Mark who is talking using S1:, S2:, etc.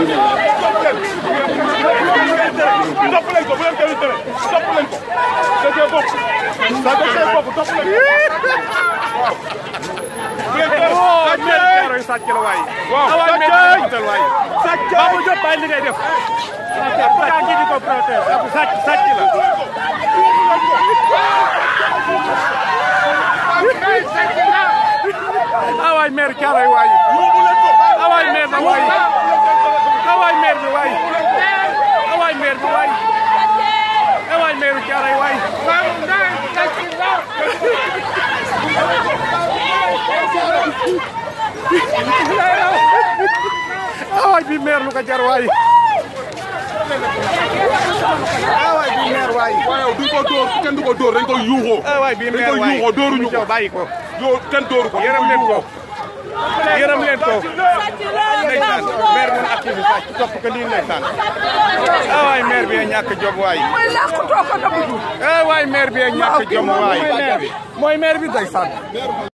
S1: topp leen ko bu leen kenn tere topp leen ko da cee bokk da cee bokk topp leen ko waaw. bu li ngay def. sàcc di awaay bi meer lu ko jar waay awaay ah, bi meer waay waaw duñ ko dóor kenn du ko dóor bi meer waay dañ koy yuuxoo ah, dóoruñu ko bàyyi ko dóor kenn ko yërëm leen ko yërëm leen ko ndeysaan bi sàcc topp ko nii ndeysaan awaay ah, meer bi ñàkk jom waay mooy làkk too ko dabudu meer bi ñàkk jom waay mooy meer bi ndeysaan